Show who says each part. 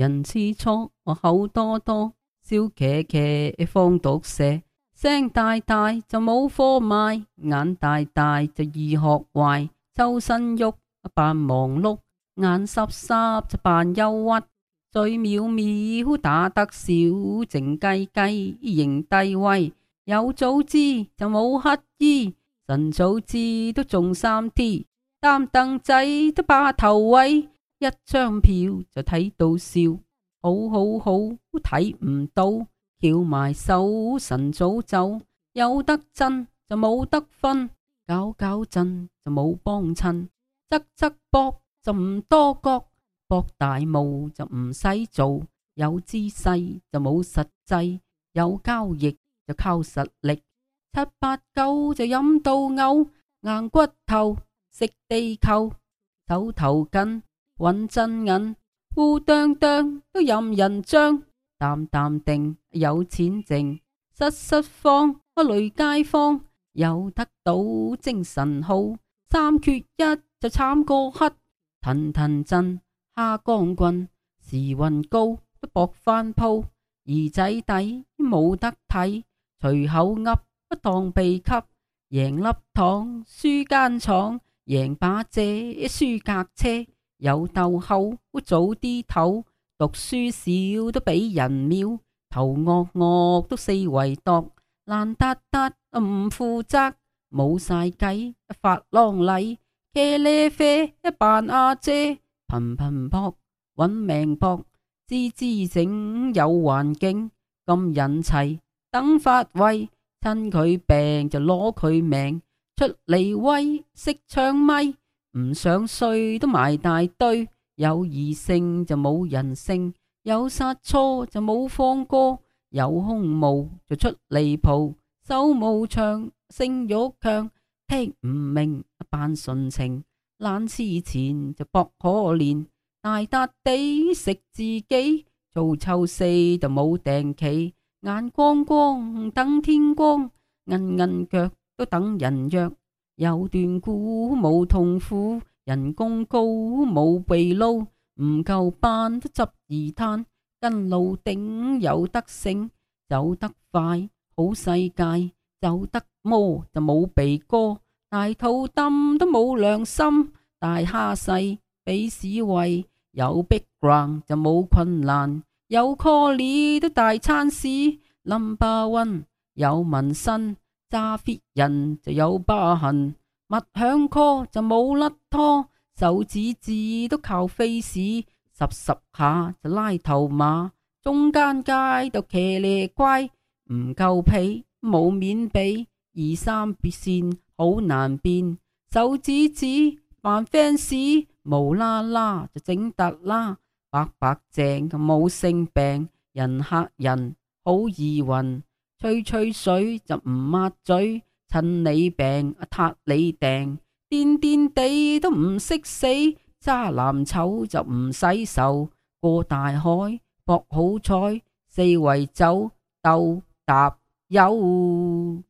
Speaker 1: 人之初，我口多多，笑茄茄放毒蛇，聲大大就冇貨賣，眼大大就易學壞，周身喐扮忙碌，眼濕濕就扮憂鬱，嘴秒秒打得少靜雞雞，認低威，有早知就冇乞兒，神早知都中三 T，擔凳仔都霸頭位。一張票就睇到笑，好好好都睇唔到。翹埋手，神早走，有得震就冇得瞓，搞搞震就冇幫襯，側側膊就唔多覺，搏大霧就唔使做。有姿勢就冇實際，有交易就靠實力，七八九就飲到嘔，硬骨頭食地溝，手頭筋。揾真銀，烏當當都任人將；淡淡定有錢剩，失失慌不累街坊。有得到精神好，三缺一就慘過黑。騰騰震蝦光棍，時運高都搏翻鋪。二仔底冇得睇，隨口噏不當秘笈。贏粒糖，輸間廠；贏把借，輸架車。有鬥口早啲唞，讀書少都俾人秒，頭惡惡都四圍度，爛嗒嗒唔負責，冇晒計發浪禮，茄喱啡一扮阿姐，頻頻撲揾命搏，支支整有環境咁引砌，等發威趁佢病就攞佢命，出嚟威，識唱咪。唔想衰都埋大堆，有異性就冇人性，有殺錯就冇放過，有胸毛就出離譜，手冇長性欲強，聽唔明扮純情，懶痴纏就博可憐，大笪地食自己，做臭四就冇定期，眼光光等天光，銀銀腳都等人約。有段古冇痛苦，人工高冇被撈，唔夠班都執二攤，跟路頂有得勝，有得快好世界，有得魔就冇鼻哥，大肚擔都冇良心，大蝦細比屎胃，有逼 a 就冇困難，有 call 你都大餐屎冧巴運，one，有紋身。揸 fit 人就有疤痕，物響 call 就冇甩拖，手指指都靠 face 十十下就拉頭馬，中間街度騎劣龜，唔夠被冇面俾，二三別綫好難變，手指指扮 fans，無啦啦就整突啦，白白淨冇性病，人嚇人好易暈。吹吹水就唔抹嘴，趁你病啊，撻你訂，癲癲地都唔識死，渣男醜就唔使愁，過大海搏好彩，四圍走鬥搭悠。